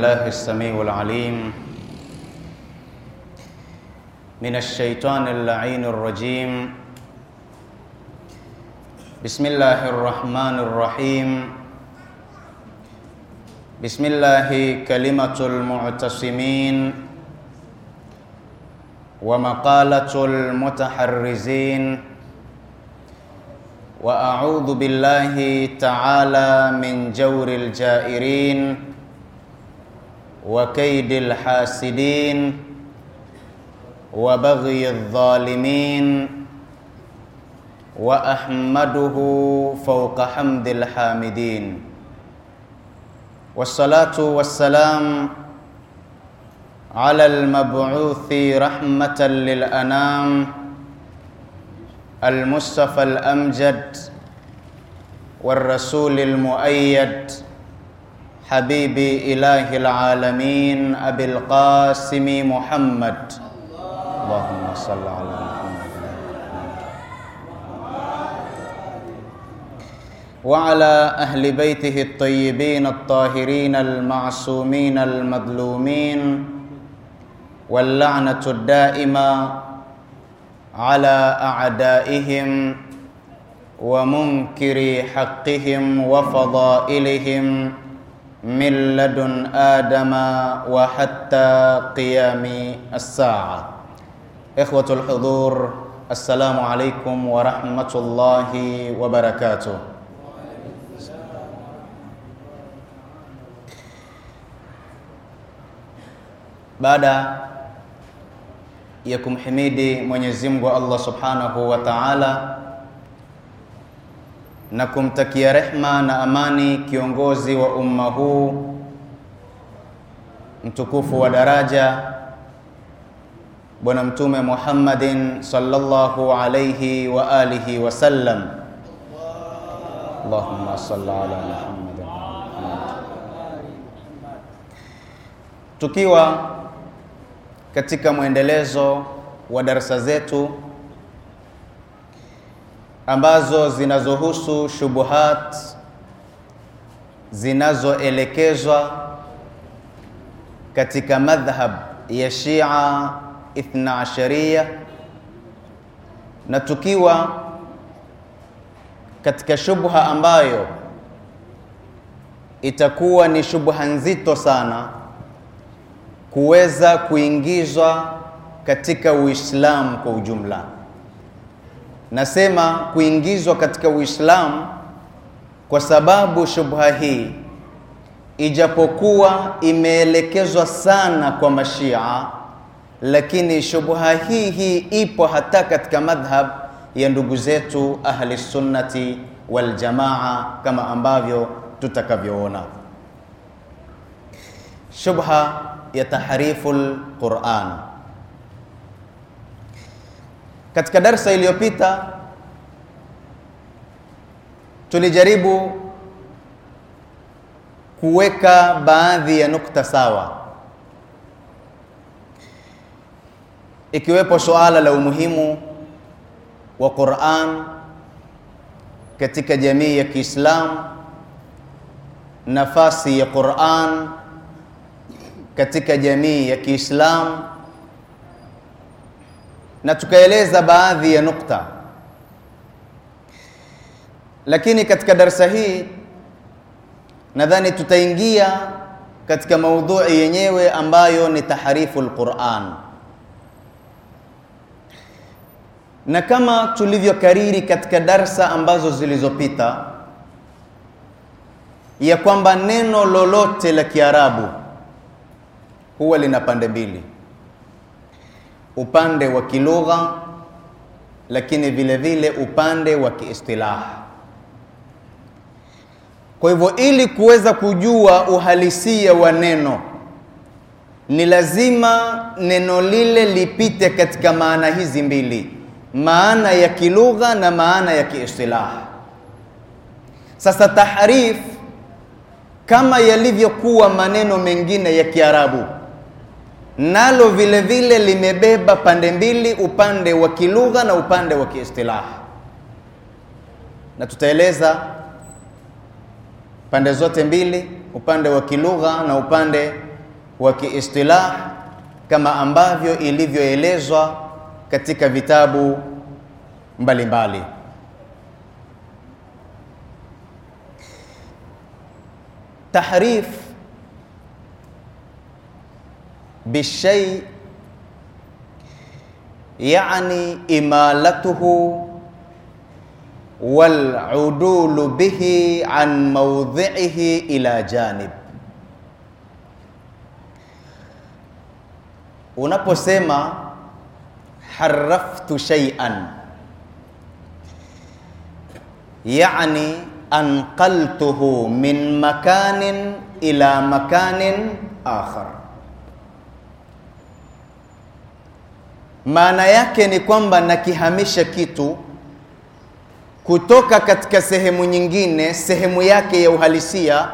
الله السميع العليم من الشيطان اللعين الرجيم بسم الله الرحمن الرحيم بسم الله كلمة المعتصمين ومقالة المتحرزين وأعوذ بالله تعالى من جور الجائرين وكيد الحاسدين وبغي الظالمين واحمده فوق حمد الحامدين والصلاه والسلام على المبعوث رحمه للانام المصطفى الامجد والرسول المؤيد حبيبي إله العالمين أبي القاسم محمد اللهم صل على محمد وعلى أهل بيته الطيبين الطاهرين المعصومين المظلومين واللعنة الدائمة على أعدائهم ومنكر حقهم وفضائلهم من لدن آدم وحتى قيام الساعة إخوة الحضور السلام عليكم ورحمة الله وبركاته بعد يكم حميدي من يزمه الله سبحانه وتعالى na kumtakia rehma na amani kiongozi wa umma huu mtukufu wa daraja Bwana Mtume Muhammadin sallallahu alayhi wa alihi sallam. Allahumma salli ala Muhammad. Tukiwa katika mwendelezo wa darasa zetu ambazo zinazohusu shubuhat zinazoelekezwa katika madhhab ya Shia Ithna Ashariya, na tukiwa katika shubha ambayo itakuwa ni shubha nzito sana kuweza kuingizwa katika Uislamu kwa ujumla. Nasema kuingizwa katika Uislamu kwa sababu shubha hii ijapokuwa imeelekezwa sana kwa Mashia, lakini shubha hii hii ipo hata katika madhhab ya ndugu zetu ahli sunnati wal jamaa, kama ambavyo tutakavyoona shubha ya tahriful Quran katika darsa iliyopita tulijaribu kuweka baadhi ya nukta sawa, ikiwepo suala la umuhimu wa Qur'an katika jamii ya Kiislamu, nafasi ya Qur'an katika jamii ya Kiislamu na tukaeleza baadhi ya nukta, lakini katika darsa hii nadhani tutaingia katika maudhui yenyewe ambayo ni taharifu lquran na kama tulivyokariri katika darsa ambazo zilizopita ya kwamba neno lolote la Kiarabu huwa lina pande mbili upande wa kilugha, lakini vile vile upande wa kiistilah. Kwa hivyo, ili kuweza kujua uhalisia wa neno ni lazima neno lile lipite katika maana hizi mbili, maana ya kilugha na maana ya kiistilah. Sasa tahrif, kama yalivyokuwa maneno mengine ya Kiarabu nalo vile vile limebeba pande mbili, upande wa kilugha na upande wa kiistilahi, na tutaeleza pande zote mbili, upande wa kilugha na upande wa kiistilah, kama ambavyo ilivyoelezwa katika vitabu mbalimbali mbali. Tahrif بالشيء يعني إمالته والعدول به عن موضعه إلى جانب ونقسم حرفت شيئا يعني أنقلته من مكان إلى مكان آخر maana yake ni kwamba nakihamisha kitu kutoka katika sehemu nyingine, sehemu yake ya uhalisia,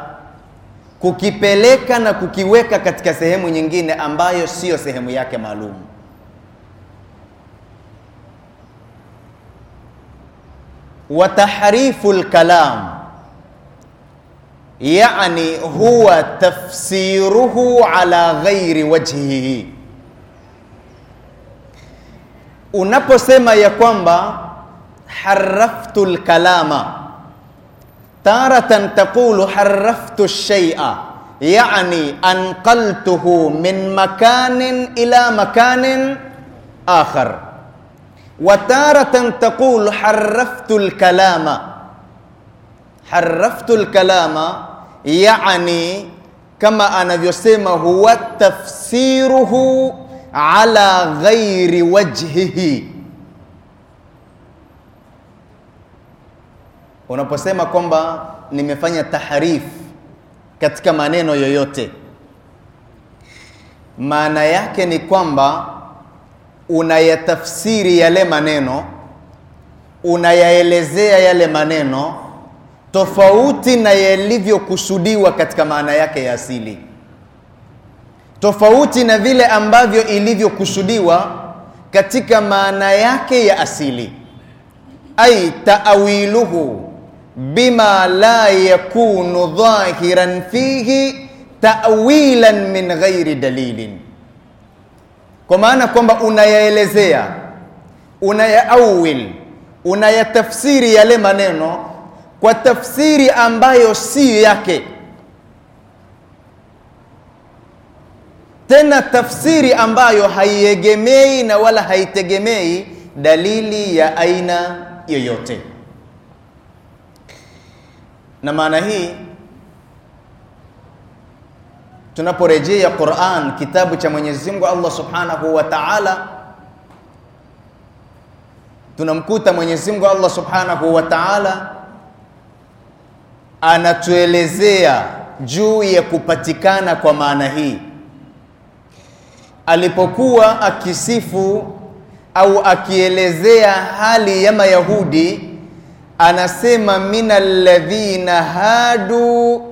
kukipeleka na kukiweka katika sehemu nyingine ambayo siyo sehemu yake maalum. Wa tahrifu lkalam, yani huwa tafsiruhu ala ghairi wajhihi unaposema ya kwamba harraftu lkalama taratan taqulu harraftu shaia yani anqaltuhu min makanin ila makanin akhar wataratan تقول حرفت lkalama حرفت lkalama يعني kama anavyosema huwa tafsiruhu ala ghairi wajhihi. Unaposema kwamba nimefanya tahrif katika maneno yoyote, maana yake ni kwamba unayatafsiri yale maneno, unayaelezea yale maneno tofauti na yalivyokusudiwa katika maana yake ya asili tofauti na vile ambavyo ilivyokusudiwa katika maana yake ya asili, ai taawiluhu bima la yakunu dhahiran fihi tawilan min ghairi dalilin, kwa maana kwamba unayaelezea, unayaawil, unayatafsiri yale maneno kwa tafsiri ambayo si yake tena tafsiri ambayo haiegemei na wala haitegemei dalili ya aina yoyote. Na maana hii tunaporejea Qur'an, kitabu cha Mwenyezi Mungu Allah Subhanahu wa Ta'ala, tunamkuta Mwenyezi Mungu Allah Subhanahu wa Ta'ala anatuelezea juu ya kupatikana kwa maana hii alipokuwa akisifu au akielezea hali ya Mayahudi anasema, minal ladhina hadu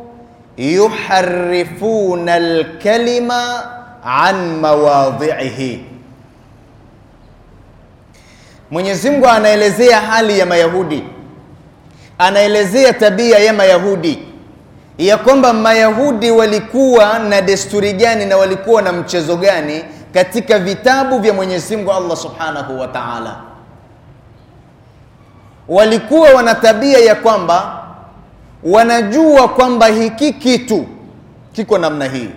yuharifuna alkalima an mawadhihi. Mwenyezi Mungu anaelezea hali ya Mayahudi, anaelezea tabia ya Mayahudi ya kwamba Mayahudi walikuwa na desturi gani na walikuwa na mchezo gani katika vitabu vya Mwenyezi Mungu Allah Subhanahu wa Ta'ala. Walikuwa wana tabia ya kwamba wanajua kwamba hiki kitu kiko namna hii,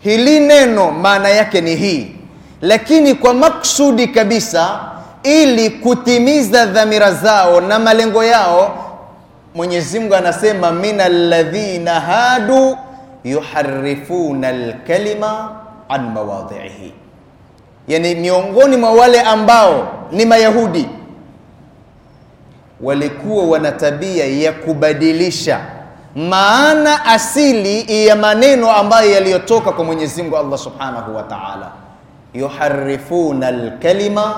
hili neno maana yake ni hii, lakini kwa maksudi kabisa, ili kutimiza dhamira zao na malengo yao Mwenyezi Mungu anasema minal ladhina hadu yuharifuna alkalima an mawadhihi, yani miongoni mwa wale ambao ni Mayahudi walikuwa wana tabia ya kubadilisha maana asili ya maneno ambayo yaliyotoka kwa Mwenyezi Mungu Allah Subhanahu wa Ta'ala, yuharifuna alkalima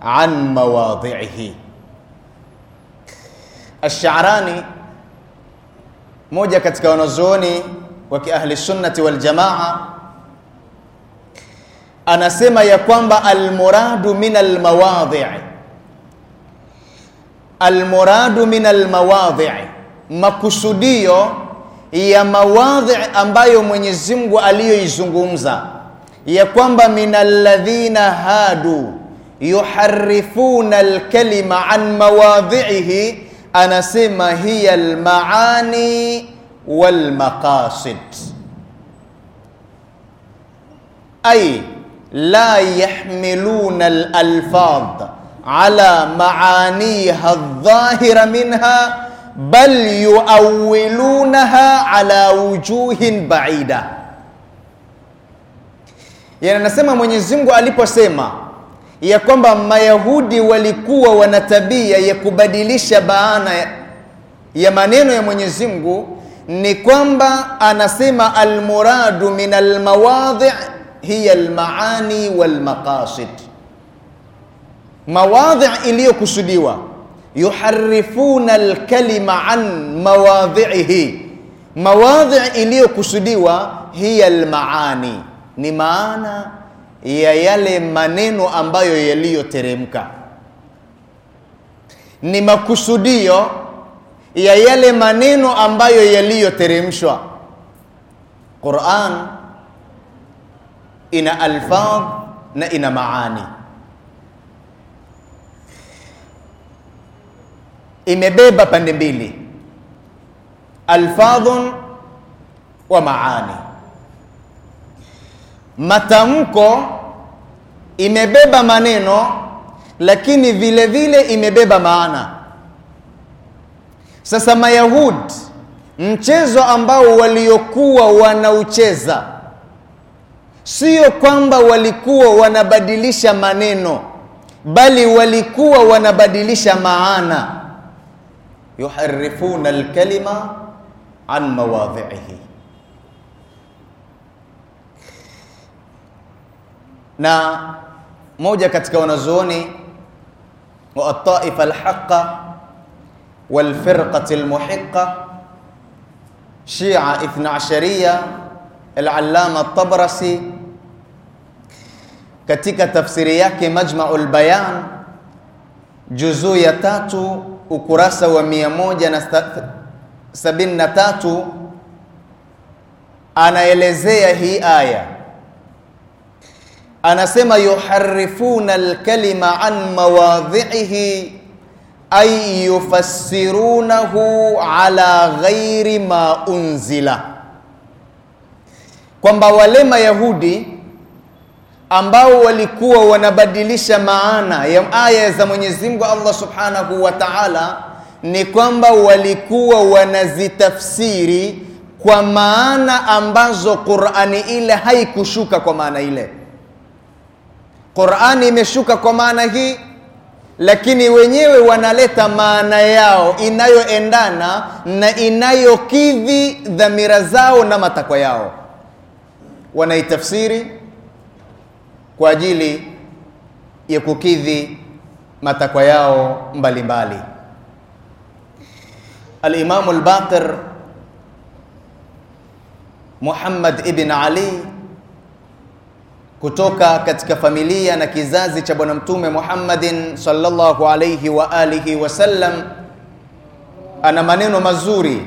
an mawadhihi Ash-Sha'rani moja katika wanazuoni wa kiahli sunnati wal jamaa anasema ya kwamba almuradu min almawadhi almuradu min almawadhi, makusudio ya mawadhi ambayo Mwenyezi Mungu aliyoizungumza ya kwamba min alladhina hadu yuharifuna alkalima an mawadhihi anasema hiya almaani walmaqasid, ay la yahmiluna alalfadh ala maaniha aldhahira minha bal yuawilunaha ala wujuhin baida. Yani anasema Mwenyezi Mungu aliposema ya kwamba Mayahudi walikuwa wana tabia ya kubadilisha baana ya, maneno ya Mwenyezi Mungu, ni kwamba anasema almuradu min almawadhi hiya almaani walmaqasid, mawadhi iliyokusudiwa. Yuharifuna alkalima an mawadhihi, mawadhi iliyokusudiwa hiya almaani, ni maana ya yale maneno ambayo yaliyoteremka, ni makusudio ya yale maneno ambayo yaliyoteremshwa. Qur'an ina alfadh na ina maani, imebeba pande mbili, alfadhun wa maani, matamko imebeba maneno lakini vile vile imebeba maana. Sasa Mayahudi, mchezo ambao waliokuwa wanaucheza sio kwamba walikuwa wanabadilisha maneno, bali walikuwa wanabadilisha maana, yuharifuna alkalima an mawadhi'ihi na moja katika wanazuoni wa at-taifa al-haqqa wal firqati al-muhiqqa shia 12 al-allama at-tabrasi katika tafsiri yake majma'ul bayan juzuu ya tatu ukurasa wa moja na tatu anaelezea hii aya anasema yuharifuna alkalima an mawadhihi ay yufassirunahu ala ghairi ma unzila, kwamba wale Mayahudi ambao walikuwa wanabadilisha maana ya aya za Mwenyezi Mungu Allah Subhanahu wa Ta'ala, ni kwamba walikuwa wanazitafsiri kwa maana ambazo Qur'ani ile haikushuka kwa maana ile Qur'ani imeshuka kwa maana hii, lakini wenyewe wanaleta maana yao inayoendana na inayokidhi dhamira zao na matakwa yao, wanaitafsiri kwa ajili ya kukidhi matakwa yao mbalimbali. Al-Imam Al-Baqir Muhammad ibn Ali kutoka katika familia na kizazi cha Bwana Mtume Muhammadin sallallahu alayhi wa alihi wasallam, ana maneno mazuri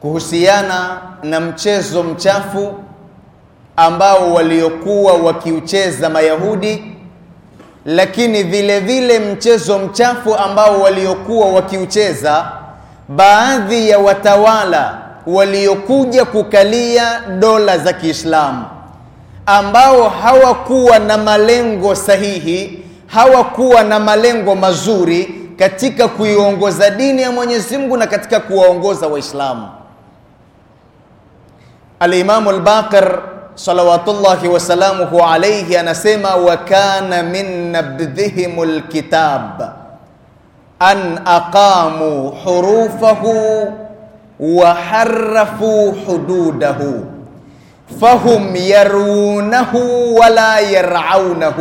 kuhusiana na mchezo mchafu ambao waliokuwa wakiucheza Mayahudi, lakini vile vile mchezo mchafu ambao waliokuwa wakiucheza baadhi ya watawala waliokuja kukalia dola za Kiislamu ambao hawakuwa na malengo sahihi, hawakuwa na malengo mazuri katika kuiongoza dini ya Mwenyezi Mungu na katika kuwaongoza Waislamu. Al-Imamu al-Baqir salawatullahi wasalamuhu alayhi anasema, wa kana min nabdhihim lkitab an aqamu hurufahu wa harrafu hududahu فهم يرونه ولا يرعونه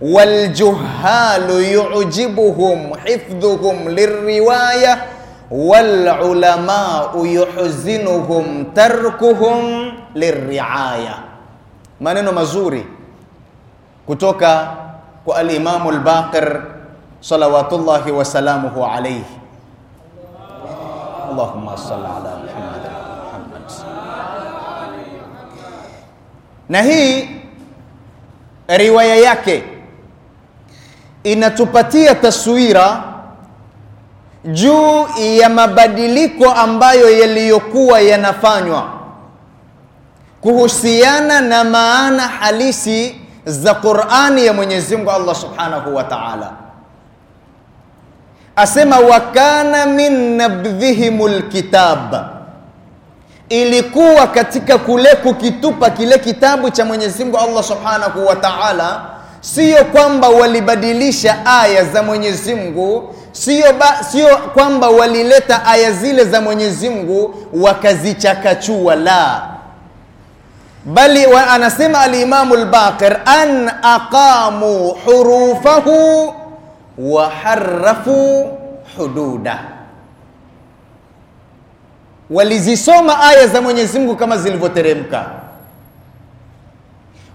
والجهال يعجبهم حفظهم للرواية والعلماء يحزنهم تركهم للرعاية منين مزوري كتوكا والإمام الباقر صلوات الله وسلامه عليه اللهم صل على محمد na hii riwaya yake inatupatia taswira juu ya mabadiliko ambayo yaliyokuwa yanafanywa kuhusiana na maana halisi za Qur'ani ya Mwenyezi Mungu Allah Subhanahu wa Ta'ala. Asema wa kana min nabdhihimul kitab ilikuwa katika kule kukitupa kile kitabu cha Mwenyezi Mungu Allah Subhanahu wa Ta'ala, sio kwamba walibadilisha aya za Mwenyezi Mungu, sio sio kwamba walileta aya zile za Mwenyezi Mungu wakazichakachua, la bali wa, anasema al-Imamu al-Baqir an aqamu hurufahu wa harrafu hududa Walizisoma aya za Mwenyezi Mungu kama zilivyoteremka,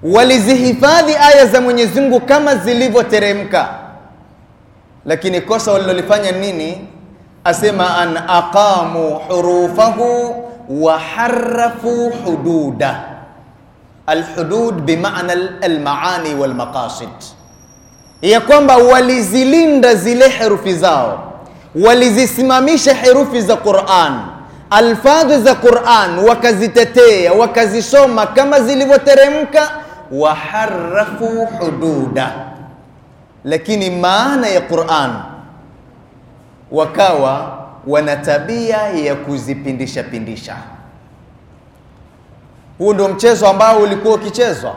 walizihifadhi aya za Mwenyezi Mungu kama zilivyoteremka, lakini kosa walilolifanya nini? Asema an aqamu hurufahu wa harrafu hududa. Alhudud bimaana almaani walmaqasid, ya kwamba walizilinda zile herufi zao, walizisimamisha herufi za Qur'an alfadhi za Qur'an wakazitetea wakazisoma kama zilivyoteremka, waharafu hududa, lakini maana ya Qur'an wakawa wana tabia ya kuzipindisha pindisha. Huu ndio mchezo ambao ulikuwa ukichezwa.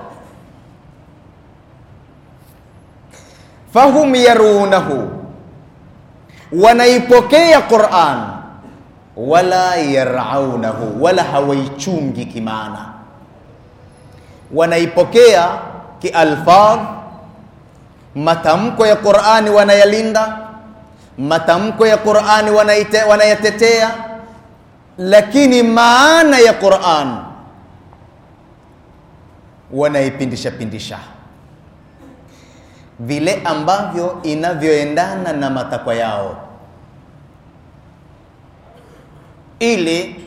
Fahum yarunahu, wanaipokea Qur'an wala yaraunahu, wala hawaichungi kimaana, wanaipokea kialfadh. Matamko ya Qur'ani wanayalinda, matamko ya Qur'ani wanayatetea, lakini maana ya Qur'an wanaipindisha pindisha vile ambavyo inavyoendana na matakwa yao. ili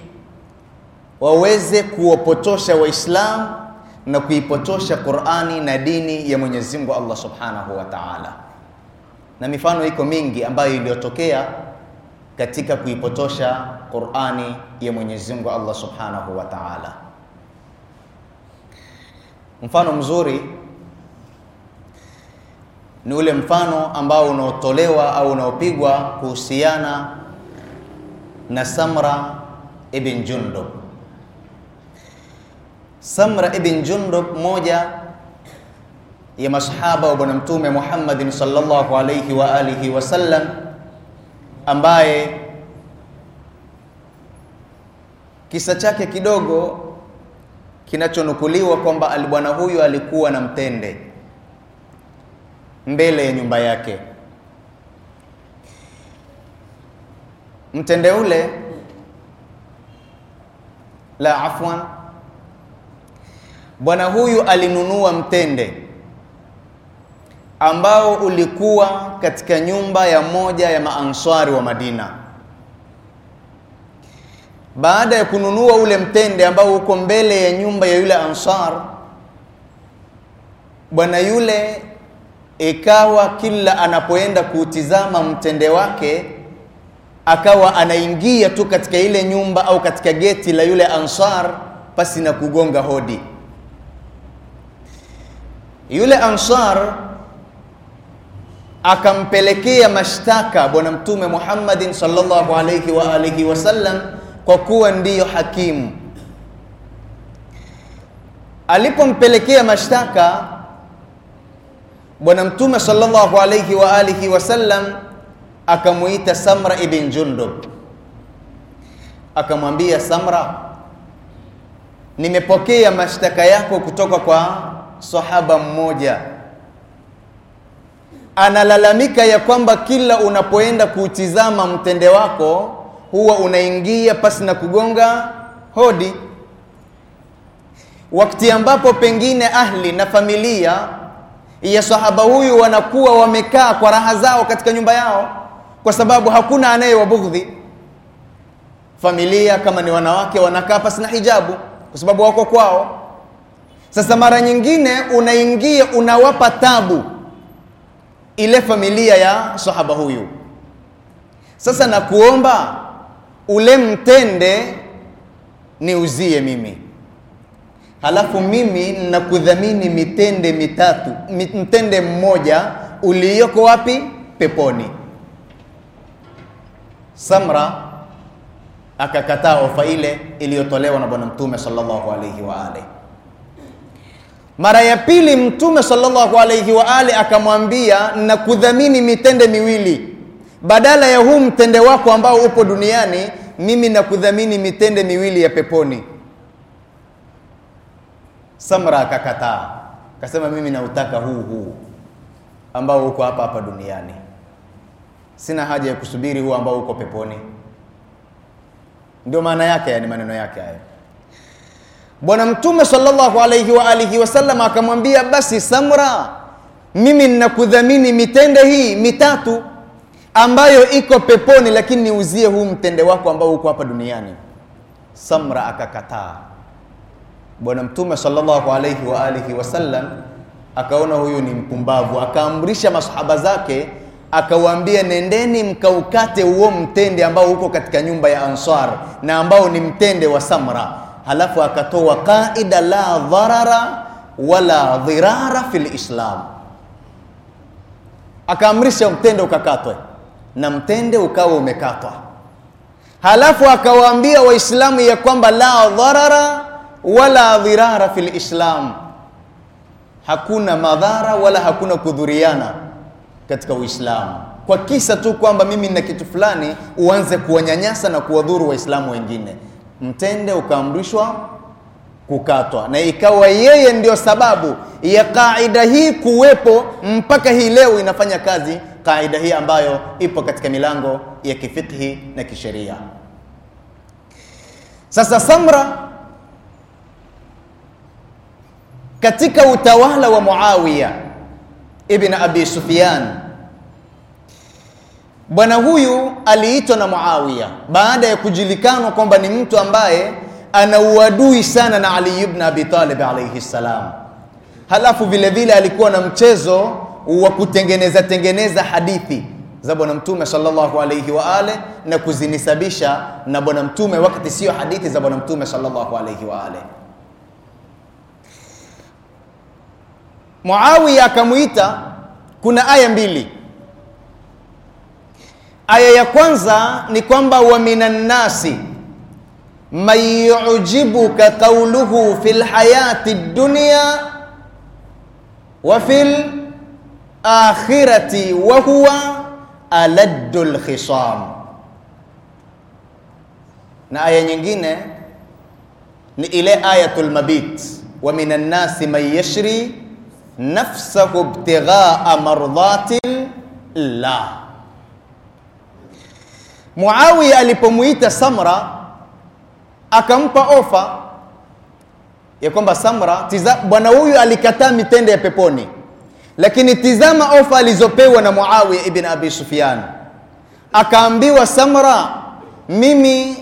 waweze kuwapotosha Waislamu na kuipotosha Qur'ani na dini ya Mwenyezi Mungu Allah Subhanahu wa Ta'ala. Na mifano iko mingi ambayo iliyotokea katika kuipotosha Qur'ani ya Mwenyezi Mungu Allah Subhanahu wa Ta'ala. Mfano mzuri ni ule mfano ambao unaotolewa au unaopigwa kuhusiana na Samra ibn Jundub. Samra ibn Jundub, moja ya masahaba wa bwana Mtume Muhammadin sallallahu alayhi wa alihi wasallam, ambaye kisa chake kidogo kinachonukuliwa kwamba alibwana huyu alikuwa na mtende mbele ya nyumba yake mtende ule la afwan, bwana huyu alinunua mtende ambao ulikuwa katika nyumba ya moja ya maanswari wa Madina. Baada ya kununua ule mtende ambao uko mbele ya nyumba ya yule ansar, bwana yule ikawa kila anapoenda kuutizama mtende wake akawa anaingia tu katika ile nyumba au katika geti la yule Ansar pasi na kugonga hodi. Yule Ansar akampelekea mashtaka Bwana Mtume Muhammadin sallallahu alayhi wa alihi wasallam kwa kuwa ndiyo hakimu. Alipompelekea mashtaka Bwana Mtume sallallahu alayhi wa alihi wasallam akamwita Samra ibn Jundub, akamwambia Samra, nimepokea mashtaka yako kutoka kwa sahaba mmoja, analalamika ya kwamba kila unapoenda kutizama mtende wako huwa unaingia pasi na kugonga hodi, wakati ambapo pengine ahli na familia ya sahaba huyu wanakuwa wamekaa kwa raha zao katika nyumba yao kwa sababu hakuna anayewabughdhi familia. Kama ni wanawake wanakaa pasi na hijabu kwa sababu wako kwao. Sasa mara nyingine unaingia unawapa tabu ile familia ya sahaba huyu. Sasa nakuomba ule mtende niuzie mimi, halafu mimi nakudhamini mitende mitatu, mtende mmoja uliyoko wapi? Peponi. Samra akakataa ofa ile iliyotolewa na Bwana Mtume sallallahu alayhi wa alihi. Mara ya pili Mtume sallallahu alayhi wa alihi akamwambia, na kudhamini mitende miwili badala ya huu mtende wako ambao upo duniani, mimi nakudhamini mitende miwili ya peponi. Samra akakataa, akasema mimi nautaka huu huu ambao uko hapa hapa duniani sina haja ya kusubiri huo ambao uko peponi. Ndio maana yake, yani maneno yake haya. Bwana Mtume sallallahu alayhi wa alihi wasallam akamwambia, basi Samra, mimi ninakudhamini mitende hii mitatu ambayo iko peponi, lakini niuzie huu mtende wako ambao uko hapa duniani. Samra akakataa. Bwana Mtume sallallahu alayhi wa alihi wasallam akaona huyu ni mpumbavu, akaamrisha masahaba zake akawaambia nendeni mkaukate huo mtende ambao uko katika nyumba ya Ansar na ambao ni mtende wa Samra. Halafu akatoa qaida la dharara wala dhirara fil Islam, akaamrisha mtende ukakatwe na mtende ukawa umekatwa. Halafu akawaambia Waislamu ya kwamba la dharara wala dhirara fil Islam, hakuna madhara wala hakuna kudhuriana katika Uislamu kwa kisa tu kwamba mimi nina kitu fulani, uanze kuwanyanyasa na kuwadhuru Waislamu wengine. Mtende ukaamrishwa kukatwa, na ikawa yeye ndio sababu ya kaida hii kuwepo mpaka hii leo inafanya kazi kaida hii ambayo ipo katika milango ya kifikhi na kisheria. Sasa Samra katika utawala wa Muawiya ibn Abi Sufyan. Bwana huyu aliitwa na Muawiya baada ya kujulikana kwamba ni mtu ambaye ana uadui sana na Ali ibn Abi Talib alayhi salam. Halafu vile vile alikuwa na mchezo wa kutengeneza tengeneza hadithi za Bwana Mtume sallallahu alayhi wa ale na kuzinisabisha na Bwana Mtume wakati sio hadithi za Bwana Mtume sallallahu alayhi wa ale. Muawiya akamwita. Kuna aya mbili. Aya ya kwanza ni kwamba wa minan nasi man yujibuka qawluhu fil hayati dunya wa fil akhirati wa huwa aladdul khisam, na aya nyingine ni ile ayatul mabit, wa minan nasi man yashri nafsahu ibtighaa mardhatil la. Muawiya alipomuita Samra akampa ofa ya kwamba Samra, bwana huyu alikataa mitende ya peponi, lakini tizama ofa alizopewa na Muawiya ibn Abi Sufyan. Akaambiwa Samra, mimi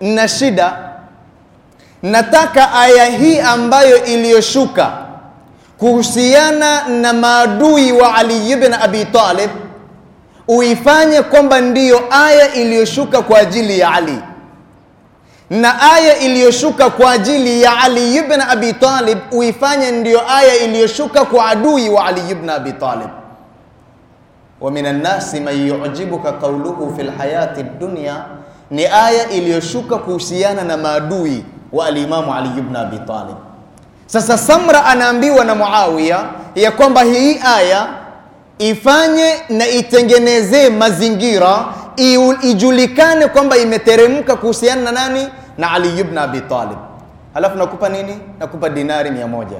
na shida, nataka aya hii ambayo iliyoshuka kuhusiana na maadui wa Ali ibn Abi Talib uifanye kwamba ndiyo aya iliyoshuka kwa ajili ya Ali na aya iliyoshuka kwa ajili ya Ali ibn Abi Talib uifanye ndiyo aya iliyoshuka kwa adui wa Ali ibn Abi Talib. Wa minan nasi man yu'jibuka qawluhu fil hayati dunya, ni aya iliyoshuka kuhusiana na maadui wa alimamu Ali ibn Abi Talib. Sasa Samra anaambiwa na Muawiya ya kwamba hii aya ifanye na itengeneze mazingira ijulikane kwamba imeteremka kuhusiana na nani? Na Ali ibn Abi Talib. Halafu nakupa nini? Nakupa dinari mia moja.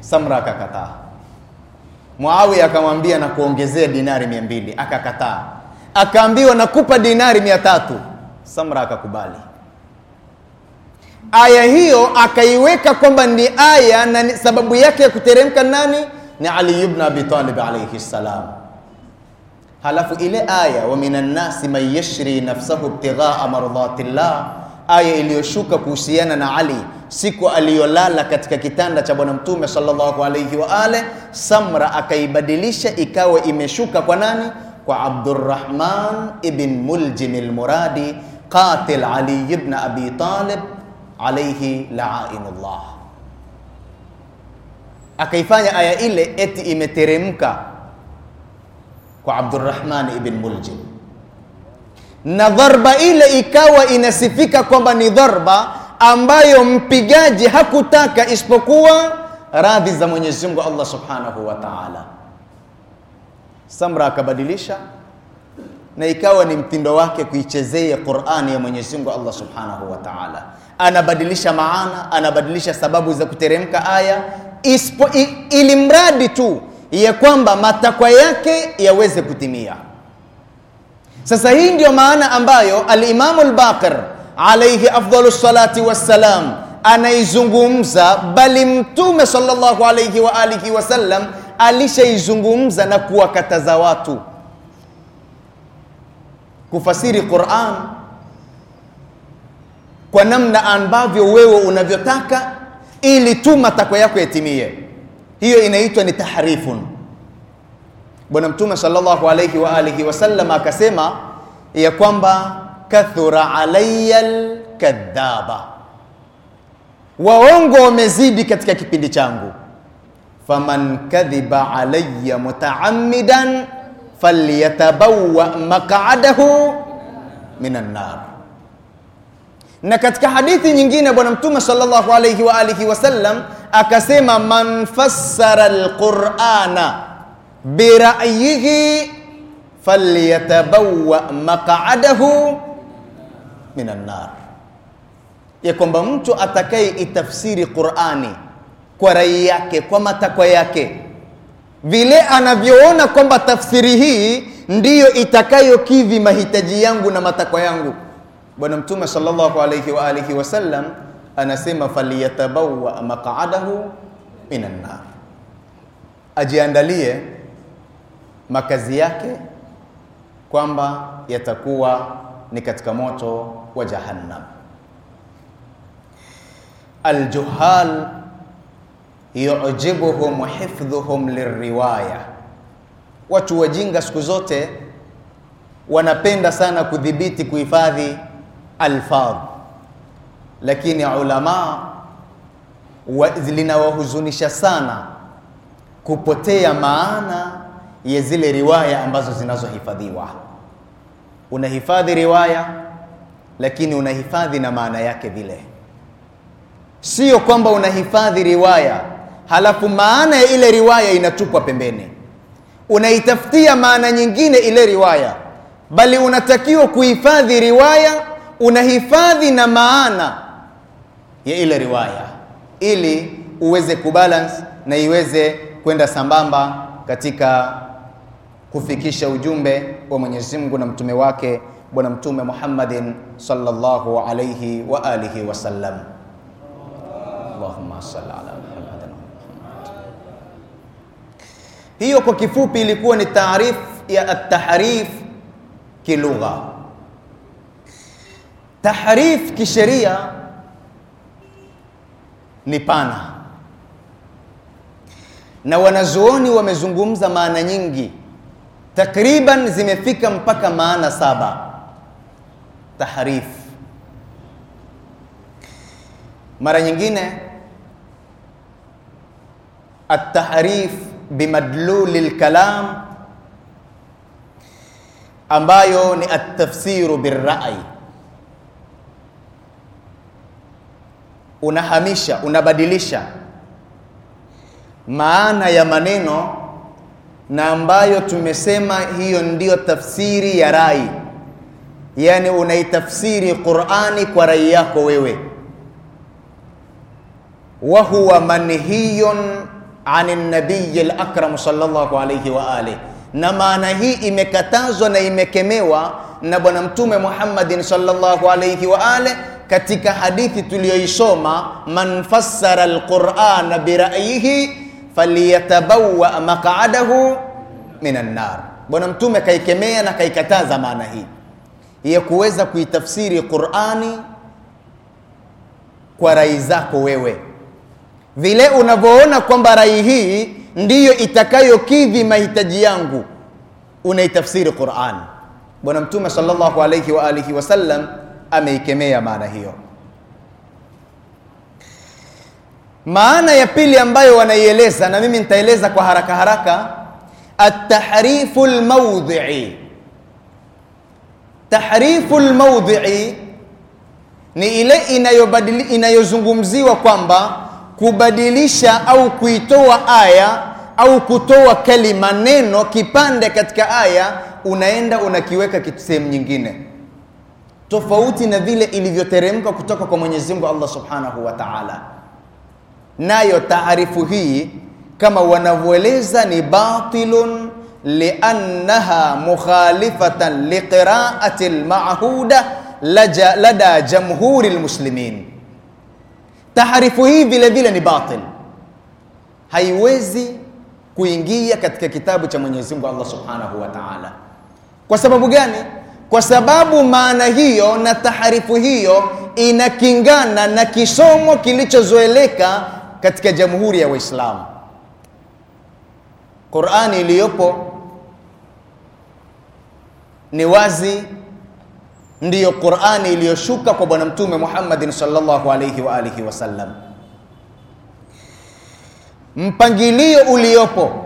Samra akakataa. Muawiya akamwambia na kuongezea dinari mia mbili, akakataa. Akaambiwa nakupa dinari mia tatu. Samra akakubali aya hiyo akaiweka kwamba ni aya na sababu yake ya kuteremka nani? Ni Ali ibn Abi Talib alayhi salam. Halafu ile aya wa minan nasi man yashri nafsahu ibtighaa mardhatillah, aya iliyoshuka kuhusiana na Ali siku aliyolala katika kitanda cha Bwana Mtume sallallahu alayhi wa ale, Samra akaibadilisha ikawa imeshuka kwa nani? Kwa Abdurrahman ibn Muljim al-Muradi qatil Ali ibn Abi Talib alaihi lainullah akaifanya aya ile eti imeteremka kwa Abdurrahman ibn Muljim, na dharba ile ikawa inasifika kwamba ni dharba ambayo mpigaji hakutaka isipokuwa radhi za Mwenyezi Mungu Allah Subhanahu wa Ta'ala. Samra akabadilisha na ikawa ni mtindo wake kuichezea Qur'ani ya Mwenyezi Mungu Allah Subhanahu wa Ta'ala anabadilisha maana, anabadilisha sababu za kuteremka aya ispo, ili mradi tu ya kwamba matakwa yake yaweze kutimia. Sasa hii ndiyo maana ambayo Alimamu Lbaqir alaihi afdalu salati wassalam anaizungumza, bali Mtume sallallahu alaihi wa alihi wasallam alishaizungumza na kuwakataza watu kufasiri Quran kwa namna ambavyo wewe unavyotaka ili tu matakwa yako yatimie. Hiyo inaitwa ni tahrifun. Bwana Mtume sallallahu alayhi wa alihi wasallam akasema ya kwamba kathura alayya alkadhaba, waongo wamezidi katika kipindi changu. Faman kadhiba alayya mutaammidan falyatabawwa maq'adahu minan nar na katika hadithi nyingine bwana mtume sallallahu alayhi wa alihi wasallam akasema man fassara alqur'ana bira'yihi falyatabawa maq'adahu min nar ya kwamba mtu atakaye itafsiri Qur'ani kwa rai yake kwa matakwa yake vile anavyoona kwamba tafsiri hii ndiyo itakayokidhi mahitaji yangu na matakwa yangu Bwana Mtume sallallahu alayhi wa alihi wasallam anasema faliyatabawa maq'adahu minan nar, ajiandalie makazi yake kwamba yatakuwa ni katika moto wa Jahannam. Aljuhal yujibuhum hifdhuhum liriwaya, watu wajinga siku zote wanapenda sana kudhibiti, kuhifadhi alfadh, lakini ulama wa linawahuzunisha sana kupotea maana ya zile riwaya ambazo zinazohifadhiwa. Unahifadhi riwaya lakini unahifadhi na maana yake vile, sio kwamba unahifadhi riwaya halafu maana ya ile riwaya inatupwa pembeni, unaitafutia maana nyingine ile riwaya, bali unatakiwa kuhifadhi riwaya unahifadhi na maana ya ile riwaya ili uweze kubalance na iweze kwenda sambamba katika kufikisha ujumbe wa Mwenyezi Mungu na mtume wake Bwana Mtume Muhammadin sallallahu alayhi wa alihi wasallam. Allahumma salli ala Muhammadin. Hiyo kwa kifupi ilikuwa ni taarifu ya at-tahrif kilugha. Tahrif kisheria ni pana na wanazuoni wamezungumza maana nyingi, takriban zimefika mpaka maana saba. Tahrif mara nyingine, atahrif tahrif bimadluli lkalam, ambayo ni at-tafsiru birrai unahamisha, unabadilisha maana ya maneno na ambayo tumesema hiyo ndiyo tafsiri ya rai, yani unaitafsiri Qur'ani kwa rai yako wewe. Wa huwa manhiyun anin nabiy al-akram sallallahu alayhi wa alihi, na maana hii imekatazwa na imekemewa na Bwana Mtume Muhammadin sallallahu alayhi wa alihi katika hadithi tuliyoisoma, man fassara alqurana bira'yihi falyatabawa maq'adahu min nar. Bwana Mtume kaikemea na kaikataza maana hii ya kuweza kuitafsiri Qurani kwa rai zako wewe, vile unavyoona kwamba rai hii ndiyo itakayokidhi mahitaji yangu, unaitafsiri Qurani. Bwana Mtume sallallahu alayhi wa alihi wasallam ameikemea maana hiyo. Maana ya pili ambayo wanaieleza, na mimi nitaeleza kwa haraka haraka, atahrifu lmaudhii. Tahrifu lmaudhii ni ile inayobadili inayozungumziwa kwamba kubadilisha au kuitoa aya au kutoa kalima, neno, kipande katika aya, unaenda unakiweka kitu sehemu nyingine tofauti na vile ilivyoteremka kutoka kwa Mwenyezi Mungu Allah Subhanahu wa Ta'ala. Nayo taarifu hii kama wanavyoeleza ni batilun liannaha mukhalifatan liqira'ati alma'huda lada jamhuri almuslimin. Taarifu hii vile vile ni batil, haiwezi kuingia katika kitabu cha Mwenyezi Mungu Allah Subhanahu wa Ta'ala. Kwa sababu gani? kwa sababu maana hiyo na taharifu hiyo inakingana na kisomo kilichozoeleka katika jamhuri ya Waislamu. Qur'ani iliyopo ni wazi, ndiyo Qur'ani iliyoshuka kwa Bwana Mtume Muhammadin sallallahu alayhi wa alihi wasallam. Mpangilio uliopo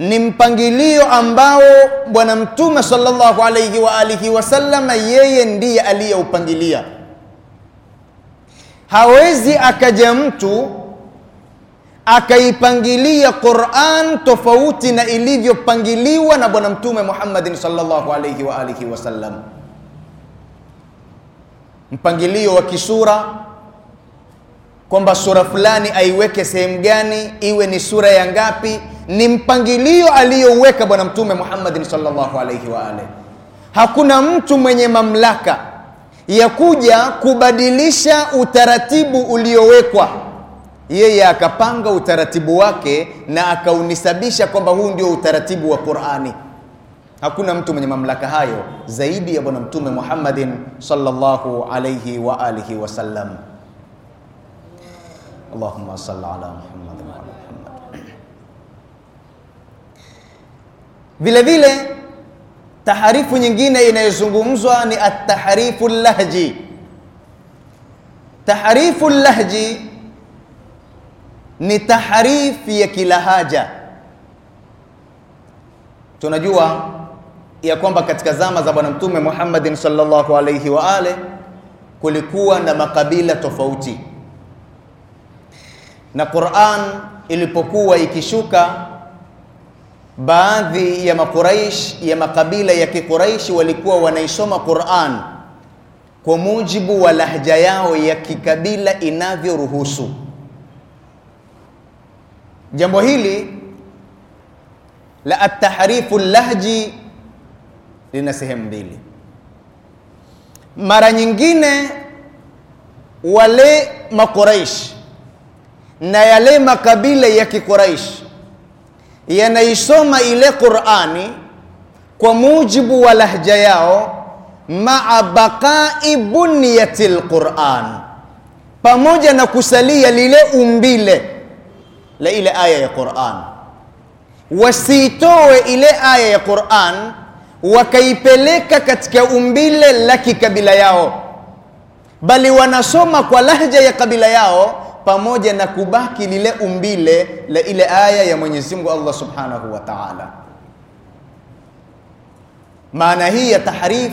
ni mpangilio ambao Bwana Mtume sallallahu alayhi wa alihi wasallam yeye ndiye aliyeupangilia. Hawezi akaja mtu akaipangilia Qur'an tofauti na ilivyopangiliwa na Bwana Mtume Muhammadin sallallahu alaihi wa alihi wasallam, mpangilio wa kisura kwamba sura fulani aiweke sehemu gani, iwe ni sura ya ngapi. Ni mpangilio aliyouweka Bwana Mtume Muhammadin sallallahu alaihi wa Hakuna mtu mwenye mamlaka ya kuja kubadilisha utaratibu uliowekwa yeye akapanga utaratibu wake na akaunisabisha kwamba huu ndio utaratibu wa Qur'ani. Hakuna mtu mwenye mamlaka hayo zaidi ya Bwana Mtume Muhammadin sallallahu alaihi wa alihi wasallam. Allahumma salli ala Muhammad wa ala Muhammad. Vile vile taharifu nyingine inayozungumzwa ni at-taharifu lahji. Taharifu lahji ni taharifu ya kilahaja. Tunajua ya kwamba katika zama za Bwana Mtume Muhammadin sallallahu alayhi wa ale kulikuwa na makabila tofauti na Qur'an ilipokuwa ikishuka, baadhi ya Makuraish ya makabila ya Kikuraishi walikuwa wanaisoma Qur'an kwa mujibu wa lahja yao ya kikabila inavyoruhusu. Jambo hili la atahrifu lahji lina sehemu mbili. Mara nyingine wale Makuraish na yale makabila ya Kiquraish yanaisoma ile Qurani kwa mujibu wa lahja yao, maa baqai bunyati lquran, pamoja na kusalia lile umbile la ile aya ya Quran. Wasiitoe ile aya ya Quran wakaipeleka katika umbile la kikabila yao, bali wanasoma kwa lahja ya kabila yao pamoja na kubaki lile umbile la ile aya ya Mwenyezi Mungu Allah Subhanahu wa Ta'ala. Maana hii ya tahrif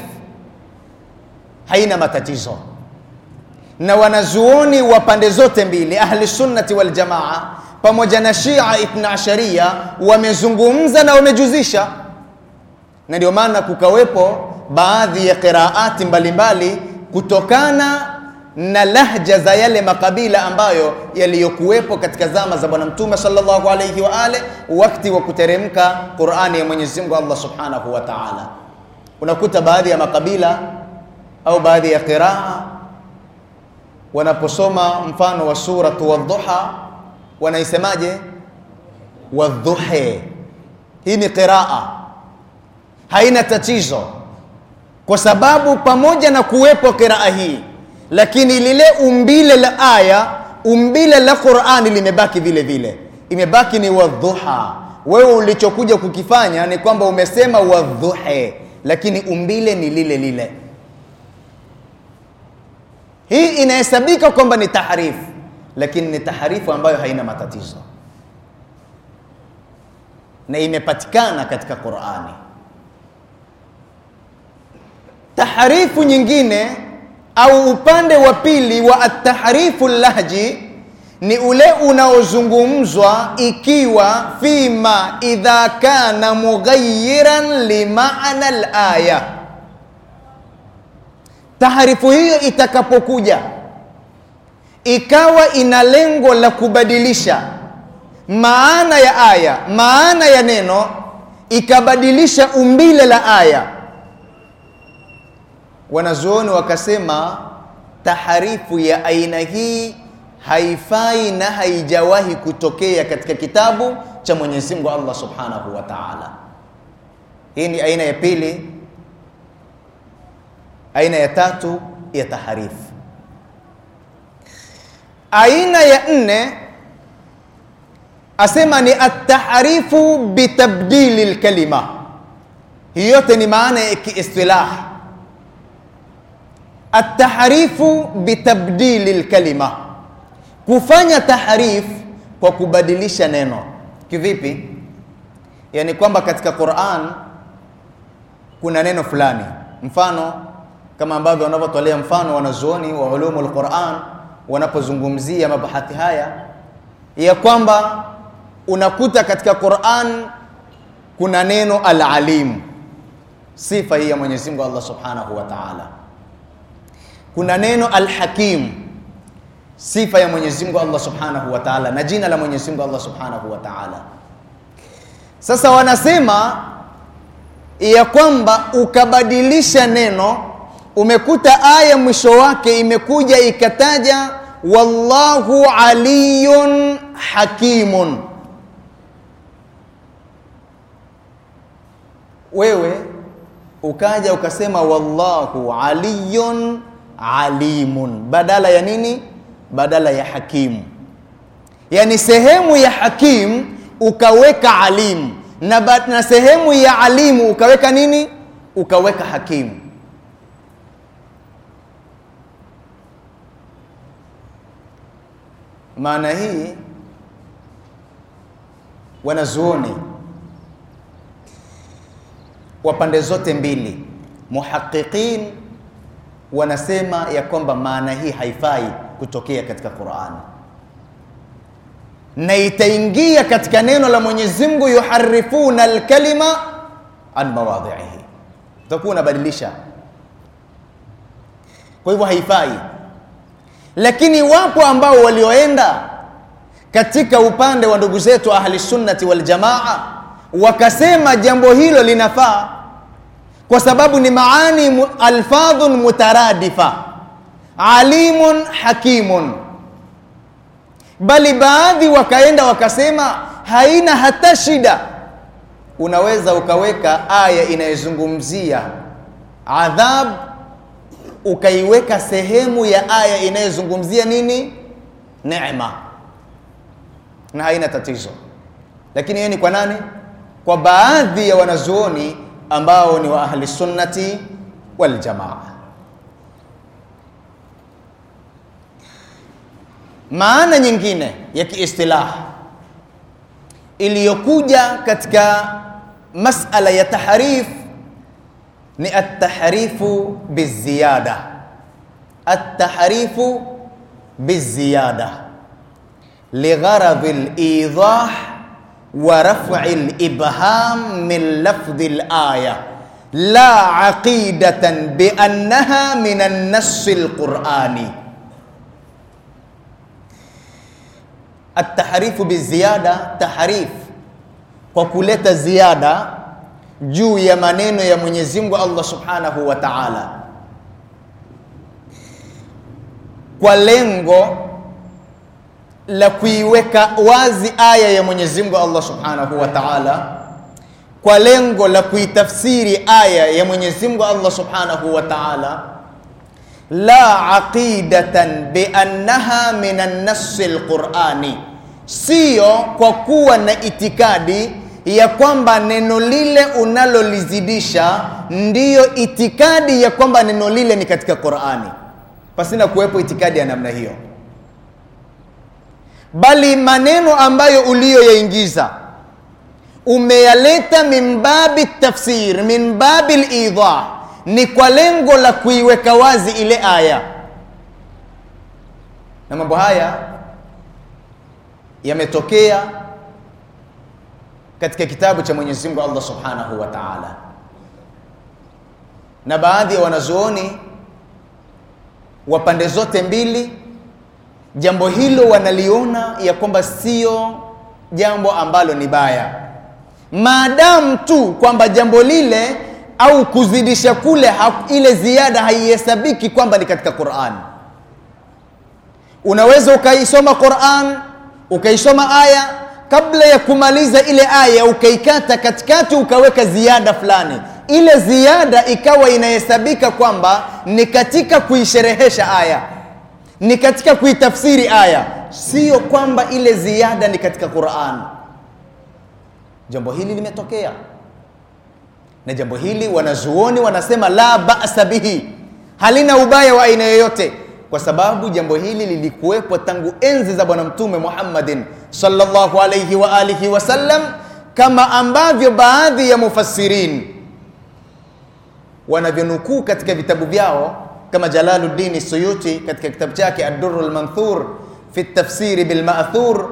haina matatizo, na wanazuoni wa pande zote mbili, ahli sunnati wal jamaa pamoja na Shia Ithna Asharia, wamezungumza na wamejuzisha, na ndio maana kukawepo baadhi ya qiraati mbalimbali kutokana na lahja za yale makabila ambayo yaliyokuwepo katika zama za Bwana Mtume sallallahu alayhi wa ale, wakati wa kuteremka Qur'ani ya Mwenyezi Mungu Allah Subhanahu wa Ta'ala. Unakuta baadhi ya makabila au baadhi ya qiraa wanaposoma mfano wa suratu wadhuha wanaisemaje? Wadhuhe. Hii ni qiraa, haina tatizo, kwa sababu pamoja na kuwepo qiraa hii lakini lile umbile la aya umbile la qurani limebaki vile vile imebaki ni wadhuha wewe ulichokuja kukifanya ni kwamba umesema wadhuhe lakini umbile ni lile lile hii inahesabika kwamba ni taharifu lakini ni taharifu ambayo haina matatizo na imepatikana katika qurani taharifu nyingine au upande wa pili wa tahrifu lahji ni ule unaozungumzwa ikiwa fima idha kana mughayiran limaana laya tahrifu hiyo itakapokuja ikawa ina lengo la kubadilisha maana ya aya, maana ya neno, ikabadilisha umbile la aya Wanazuoni wakasema taharifu ya aina hii haifai na haijawahi kutokea katika kitabu cha Mwenyezi Mungu Allah Subhanahu wa Ta'ala. Hii ni aina ya pili. Aina ya tatu ya taharifu. Aina ya nne asema ni at-taharifu bitabdili lkalima. Hii yote ni maana ya kiistilah atahrifu bitabdili lkalima, kufanya tahrif kwa kubadilisha neno. Kivipi? Yani kwamba katika Quran kuna neno fulani, mfano kama ambavyo wanavyotolea mfano wanazuoni wa ulumu lquran wanapozungumzia mabahati haya ya kwamba unakuta katika Quran kuna neno alalimu, sifa hii ya Mwenyezi Mungu Allah subhanahu wa taala kuna neno alhakim sifa ya Mwenyezi Mungu Allah Subhanahu wa Ta'ala na jina la Mwenyezi Mungu Allah Subhanahu wa Ta'ala. Sasa wanasema ya kwamba ukabadilisha neno, umekuta aya mwisho wake imekuja ikataja wallahu aliyun hakimun. Wewe ukaja ukasema wallahu aliyun alimun, badala ya nini? Badala ya hakimu. Yani sehemu ya hakimu ukaweka alimu na, na sehemu ya alimu ukaweka nini? Ukaweka hakimu. Maana hii wanazuoni wa pande zote mbili muhaqiqin wanasema ya kwamba maana hii haifai kutokea katika Qur'ani na itaingia katika neno la Mwenyezi Mungu, yuharifuna alkalima an mawadhihi, utakuwa unabadilisha. Kwa hivyo haifai, lakini wapo ambao walioenda katika upande wa ndugu zetu ahli sunnati wal jamaa, wakasema jambo hilo linafaa kwa sababu ni maani alfadhun mutaradifa, alimun hakimun. Bali baadhi wakaenda wakasema haina hata shida, unaweza ukaweka aya inayozungumzia adhab ukaiweka sehemu ya aya inayozungumzia nini, nema na haina tatizo. Lakini hiyo ni kwa nani? Kwa baadhi ya wanazuoni ambao ni wa ahli sunnati wal jamaa. Maana nyingine ya kiistilah iliyokuja katika masala ya tahrif ni at-tahrifu biziyada, at-tahrifu biziyada ligharadhi al-idhah wa raf'il ibham min lafdhil aya la aqidatan bi annaha min an-nassil qur'ani Ataharifu biziada, taharif kwa kuleta ziada juu ya maneno ya mwenyezimngu Allah Subhanahu wa Ta'ala, kwa lengo la kuiweka wazi aya ya Mwenyezi Mungu Allah Subhanahu wa Ta'ala kwa lengo la kuitafsiri aya ya Mwenyezi Mungu Allah Subhanahu wa Ta'ala la aqidatan bi annaha min an-nass al-Qur'ani, sio kwa kuwa na itikadi ya kwamba neno lile unalolizidisha ndiyo itikadi ya kwamba neno lile ni katika Qur'ani, pasina kuwepo itikadi ya namna hiyo bali maneno ambayo uliyoyaingiza umeyaleta min babi tafsir min babi lidha, ni kwa lengo la kuiweka wazi ile aya. Na mambo haya yametokea katika kitabu cha Mwenyezi Mungu Allah Subhanahu wa Ta'ala, na baadhi ya wanazuoni wa pande zote mbili jambo hilo wanaliona ya kwamba sio jambo ambalo ni baya, maadamu tu kwamba jambo lile au kuzidisha kule ha, ile ziada haihesabiki kwamba ni katika Qur'an. Unaweza ukaisoma Qur'an ukaisoma aya kabla ya kumaliza ile aya ukaikata katikati ukaweka ziada fulani, ile ziada ikawa inahesabika kwamba ni katika kuisherehesha aya ni katika kuitafsiri aya, sio kwamba ile ziada ni katika Qur'an. Jambo hili limetokea na jambo hili wanazuoni wanasema la ba'sa bihi, halina ubaya wa aina yoyote, kwa sababu jambo hili lilikuwepo tangu enzi za Bwana Mtume Muhammadin sallallahu alayhi wa alihi wasallam, kama ambavyo baadhi ya mufassirin wanavyonukuu katika vitabu vyao kama Jalaluddin Suyuti katika kitabu chake Ad-Durrul Manthur fi tafsiri bil ma'thur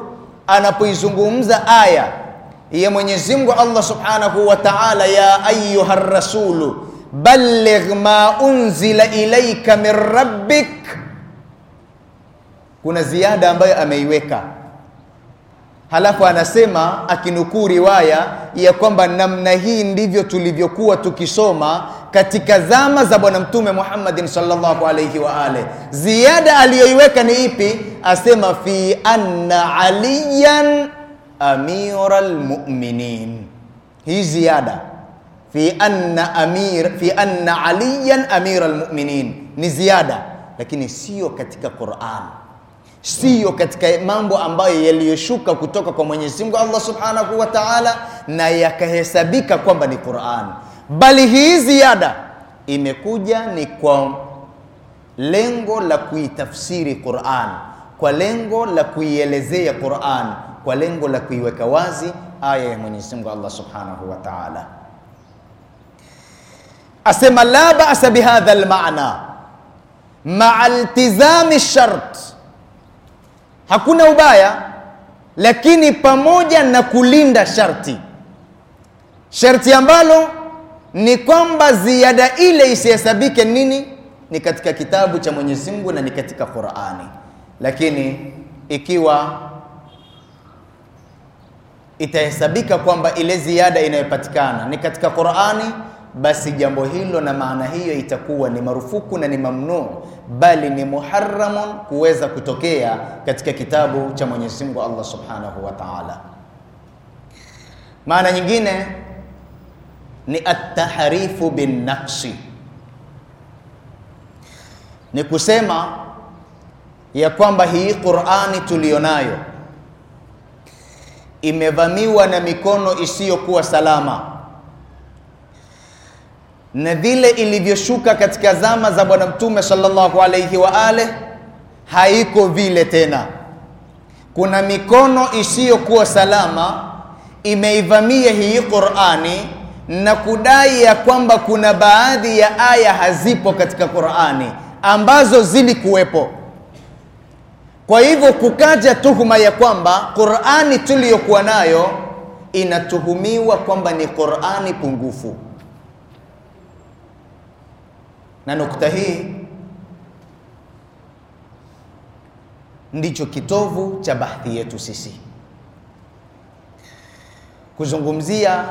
anapoizungumza aya ya Mwenyezi Mungu Allah Subhanahu wa Ta'ala, ya ayyuhar rasulu balligh ma unzila ilayka min rabbik, kuna ziada ambayo ameiweka. Halafu anasema akinukuu riwaya ya kwamba namna hii ndivyo tulivyokuwa tukisoma katika zama za Bwana Mtume Muhammadin sallallahu alayhi wa ale. Ziada aliyoiweka ni ipi? Asema fi anna aliyan amira lmuminin Hii ziada fi anna amir, fi anna aliyan amira lmuminin ni ziada, lakini siyo katika Qur'an, siyo katika mambo ambayo yaliyoshuka kutoka kwa Mwenyezi Mungu Allah subhanahu wa ta'ala na yakahesabika kwamba ni Qur'an bali hii ziada imekuja ni kwa lengo la kuitafsiri Qur'an, kwa lengo la kuielezea Qur'an, kwa lengo la kuiweka wazi aya ya Mwenyezi Mungu Allah Subhanahu wa Ta'ala. Asema la ba'sa bihadha almaana ma'a iltizami shart, hakuna ubaya lakini pamoja na kulinda sharti, sharti ambalo ni kwamba ziada ile isihesabike nini, ni katika kitabu cha Mwenyezi Mungu na ni katika Qur'ani, lakini ikiwa itahesabika kwamba ile ziada inayopatikana ni katika Qur'ani, basi jambo hilo na maana hiyo itakuwa ni marufuku na ni mamnu bali ni muharramun kuweza kutokea katika kitabu cha Mwenyezi Mungu Allah Subhanahu wa Ta'ala. Maana nyingine ni ataharifu bin naqsi, ni kusema ya kwamba hii Qur'ani tuliyonayo imevamiwa na mikono isiyokuwa salama, na vile ilivyoshuka katika zama za Bwana Mtume sallallahu alayhi wa ale haiko vile tena. Kuna mikono isiyokuwa salama imeivamia hii Qur'ani na kudai ya kwamba kuna baadhi ya aya hazipo katika Qur'ani ambazo zilikuwepo. Kwa hivyo kukaja tuhuma ya kwamba Qur'ani tuliyokuwa nayo inatuhumiwa kwamba ni Qur'ani pungufu, na nukta hii ndicho kitovu cha bahthi yetu sisi kuzungumzia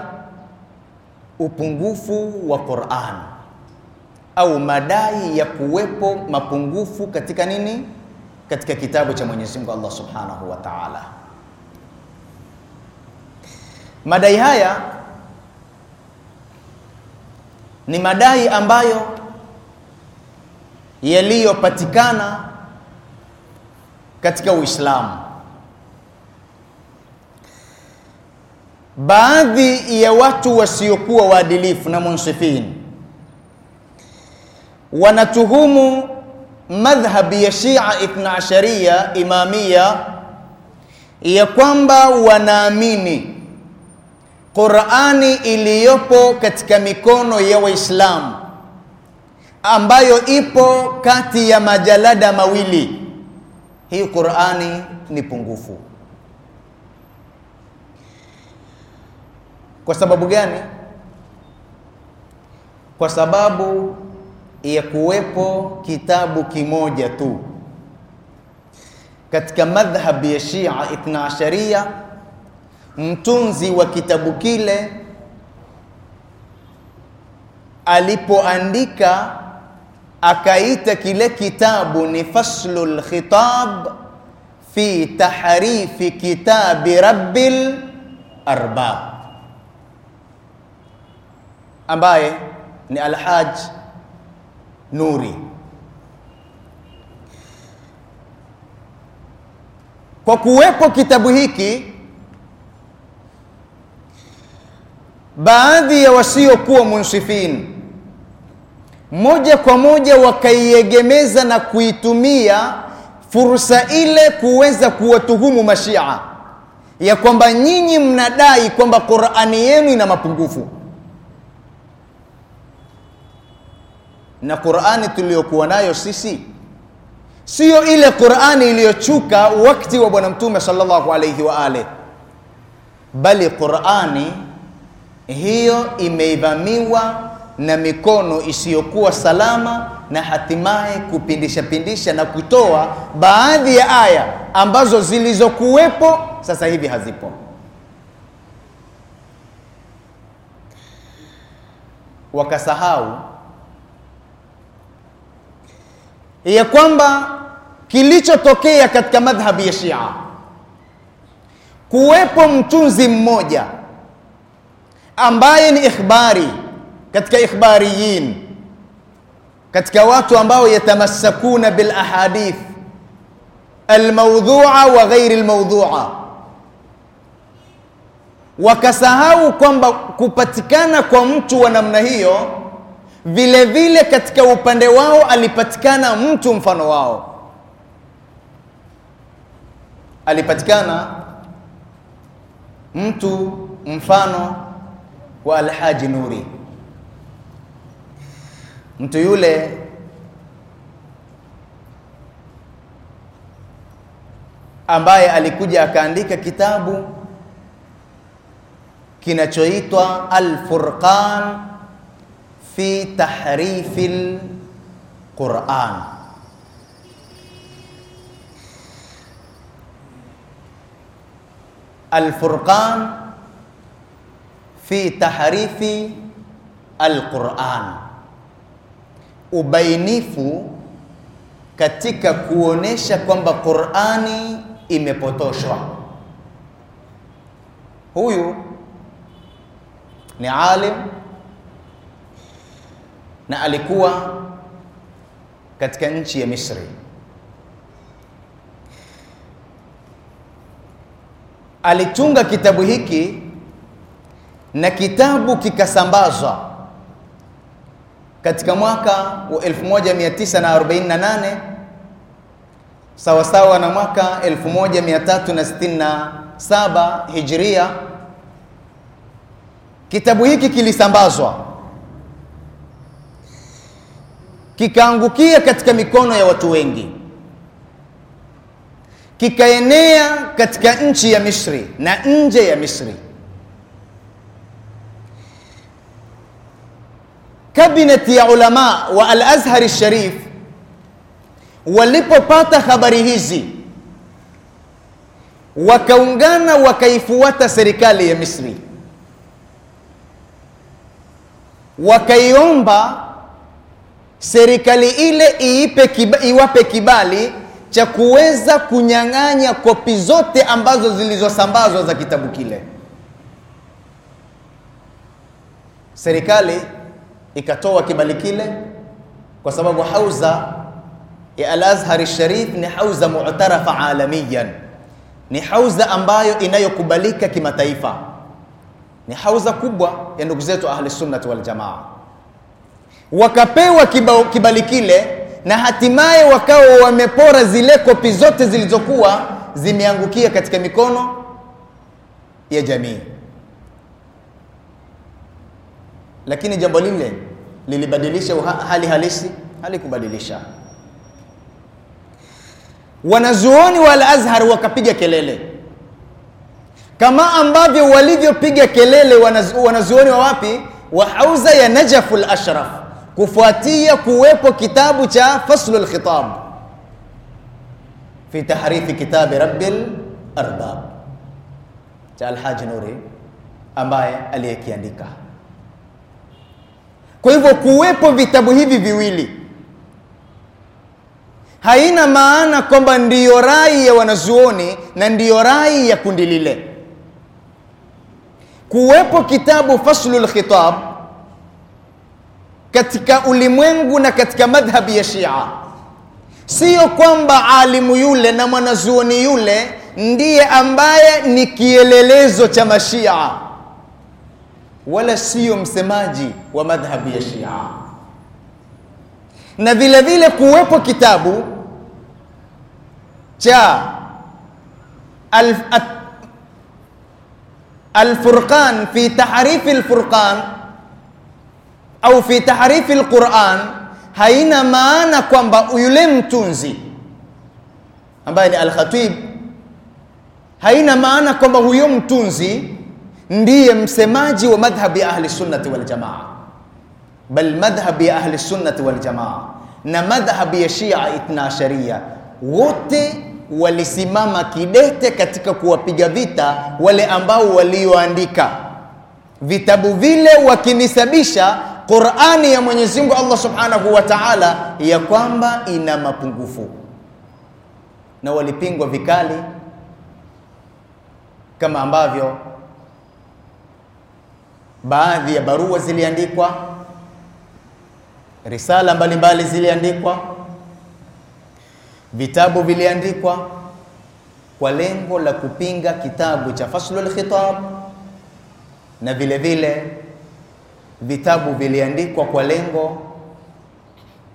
upungufu wa Qur'an au madai ya kuwepo mapungufu katika nini? Katika kitabu cha Mwenyezi Mungu Allah Subhanahu wa Ta'ala. Madai haya ni madai ambayo yaliyopatikana katika Uislamu baadhi ya watu wasiokuwa waadilifu na munsifin wanatuhumu madhhabi ya Shia Ithna Ashariya Imamia ya kwamba wanaamini Qur'ani iliyopo katika mikono ya Waislamu ambayo ipo kati ya majalada mawili, hii Qur'ani ni pungufu. Kwa sababu gani? Kwa sababu ya kuwepo kitabu kimoja tu katika madhhab ya Shia Ithna Asharia. Mtunzi wa kitabu kile alipoandika akaita kile kitabu ni Faslul Khitab fi tahrifi kitabi Rabbil Arbab ambaye ni Alhaj Nuri. Kwa kuwepo kitabu hiki, baadhi ya wasiokuwa munsifin moja kwa moja wakaiegemeza na kuitumia fursa ile kuweza kuwatuhumu Mashia ya kwamba nyinyi mnadai kwamba Qur'ani yenu ina mapungufu na Qur'ani tuliyokuwa nayo sisi siyo ile Qur'ani iliyochuka wakati wa Bwana Mtume sallallahu alayhi wa ale, bali Qur'ani hiyo imeivamiwa na mikono isiyokuwa salama na hatimaye kupindisha pindisha na kutoa baadhi ya aya ambazo zilizokuwepo sasa hivi hazipo. Wakasahau ya kwamba kilichotokea katika madhhabi ya Shia kuwepo mtunzi mmoja ambaye ni ikhbari katika ikhbariyin, katika watu ambao yatamassakuna bil ahadith almaudhua wa ghairi almaudhua, wakasahau kwamba kupatikana kwa mtu wa namna hiyo vile vile katika upande wao alipatikana mtu mfano wao, alipatikana mtu mfano wa Alhaji Nuri. Mtu yule ambaye alikuja akaandika kitabu kinachoitwa alfurqan furqan fi tahrifil Quran. Al-Furqan fi tahrifi al-Quran, ubainifu katika kuonesha kwamba Qurani imepotoshwa. Huyu ni alim na alikuwa katika nchi ya Misri. Alitunga kitabu hiki na kitabu kikasambazwa katika mwaka wa 1948 sawasawa na mwaka 1367 Hijria. Kitabu hiki kilisambazwa kikaangukia katika mikono ya watu wengi, kikaenea katika nchi ya Misri na nje ya Misri. Kabineti ya ulama wa Al-Azhar Sharif walipopata habari hizi, wakaungana wakaifuata serikali ya Misri, wakaiomba serikali ile iipe kiba, iwape kibali cha kuweza kunyang'anya kopi zote ambazo zilizosambazwa za kitabu kile. Serikali ikatoa kibali kile, kwa sababu hauza ya Al-Azhar Sharif ni hauza mu'tarafa alamiyan, ni hauza ambayo inayokubalika kimataifa, ni hauza kubwa ya ndugu zetu Ahli Sunnah wal Jamaa wakapewa kibali kile na hatimaye wakawa wamepora zile kopi zote zilizokuwa zimeangukia katika mikono ya jamii. Lakini jambo lile lilibadilisha hali halisi? Halikubadilisha. Wanazuoni wa Al-Azhar wakapiga kelele kama ambavyo walivyopiga kelele wanazuoni wa wapi? Wa hauza ya Najaful Ashraf kufuatia kuwepo kitabu cha faslu lkhitab fi tahrifi kitabi rabi larbab cha Alhaji Nuri ambaye aliyekiandika. Kwa hivyo kuwepo vitabu hivi viwili haina maana kwamba ndiyo rai ya wanazuoni na ndiyo rai ya kundi lile. Kuwepo kitabu faslu lkhitab katika ulimwengu na katika madhhabi ya Shia. Siyo kwamba alimu yule na mwanazuoni yule ndiye ambaye ni kielelezo cha mashia, wala siyo msemaji wa madhhabi ya Shia. Na vile vile kuwepo kitabu cha Al-Furqan fi tahrifi al-Furqan au fi tahrifi lquran haina maana kwamba yule mtunzi ambaye ni alkhatib haina maana kwamba huyo mtunzi ndiye msemaji wa madhhabi ya ahli waljamaa bal madhhabi ya ahli sunnati wal na madhhabi ya Shia itnaasharia wote walisimama kidete katika kuwapiga vita wale ambao walioandika vitabu vile wakinisabisha Qur'ani ya Mwenyezi Mungu Allah Subhanahu wa Ta'ala ya kwamba ina mapungufu na walipingwa vikali kama ambavyo baadhi ya barua ziliandikwa, risala mbalimbali ziliandikwa, vitabu viliandikwa kwa lengo la kupinga kitabu cha Faslul Khitab na vile vile vitabu viliandikwa kwa lengo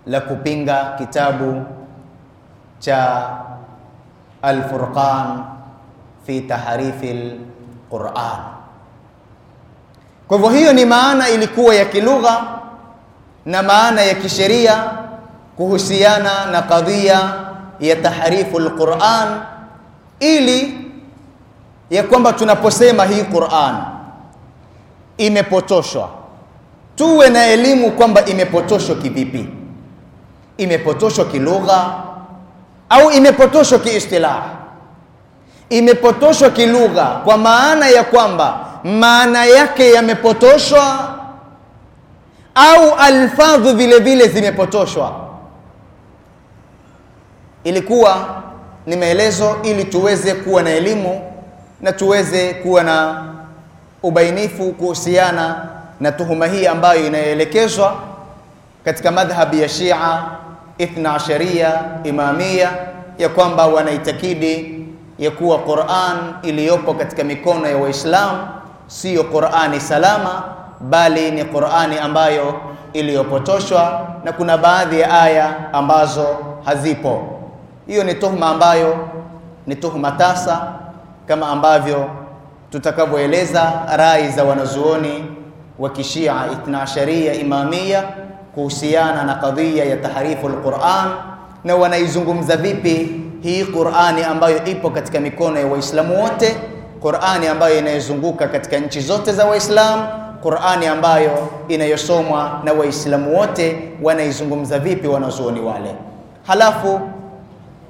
la kupinga kitabu cha Al-Furqan fi al Quran. Kwa hivyo hiyo ni maana ilikuwa ya kilugha na maana ya kisheria kuhusiana na kadhia ya tahrifu al-Quran, ili ya kwamba tunaposema hii Quran imepotoshwa tuwe na elimu kwamba imepotoshwa kivipi, imepotoshwa kilugha au imepotoshwa kiistilah. Imepotoshwa kilugha kwa maana ya kwamba maana yake yamepotoshwa, au alfadhu vile vile zimepotoshwa. Ilikuwa ni maelezo ili tuweze kuwa na elimu na tuweze kuwa na ubainifu kuhusiana na tuhuma hii ambayo inaelekezwa katika madhhabi ya Shia Ithna Asharia Imamia ya kwamba wanaitakidi ya kuwa Qur'an iliyopo katika mikono ya Waislamu siyo Qur'ani salama, bali ni Qur'ani ambayo iliyopotoshwa na kuna baadhi ya aya ambazo hazipo. Hiyo ni tuhuma ambayo ni tuhuma tasa, kama ambavyo tutakavyoeleza rai za wanazuoni wa kishia ithnasharia imamia kuhusiana na kadhia ya tahrifu lquran na wanaizungumza vipi hii Qur'ani ambayo ipo katika mikono ya Waislamu wote, Qur'ani ambayo inayozunguka katika nchi zote za Waislamu, Qur'ani ambayo inayosomwa na Waislamu wote, wanaizungumza vipi wanazuoni wale? Halafu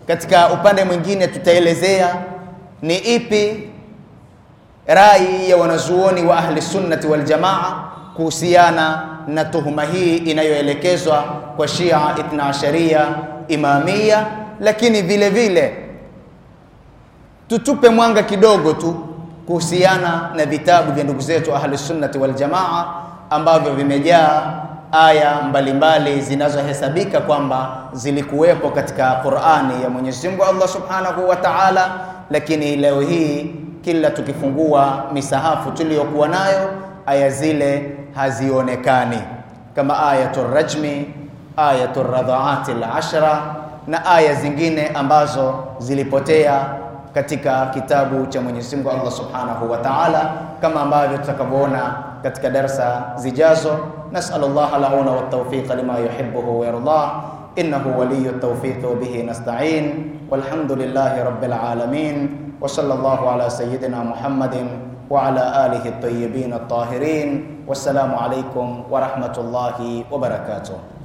katika upande mwingine tutaelezea ni ipi rai ya wanazuoni wa ahli sunnati wal jamaa kuhusiana na tuhuma hii inayoelekezwa kwa Shia asharia Imamia, lakini vile vile tutupe mwanga kidogo tu kuhusiana na vitabu vya ndugu zetu ahli sunnati wal jamaa ambavyo vimejaa aya mbalimbali zinazohesabika kwamba zilikuwepo katika Qur'ani ya Mwenyezi Mungu Allah Subhanahu wa Ta'ala, lakini leo hii kila tukifungua misahafu tuliyokuwa nayo aya zile hazionekani, kama aya rajmi, ayatul radhaatil lashra na aya zingine ambazo zilipotea katika kitabu cha Mwenyezi Mungu Allah Subhanahu wa Ta'ala, kama ambavyo tutakavyoona katika darsa zijazo. Nas'alullaha al-auna wat lima yuhibbu wa yardah innahu waliyut tawfiq wa bihi nasta'in walhamdulillahi alamin. وصلى الله على سيدنا محمد وعلى آله الطيبين الطاهرين والسلام عليكم ورحمة الله وبركاته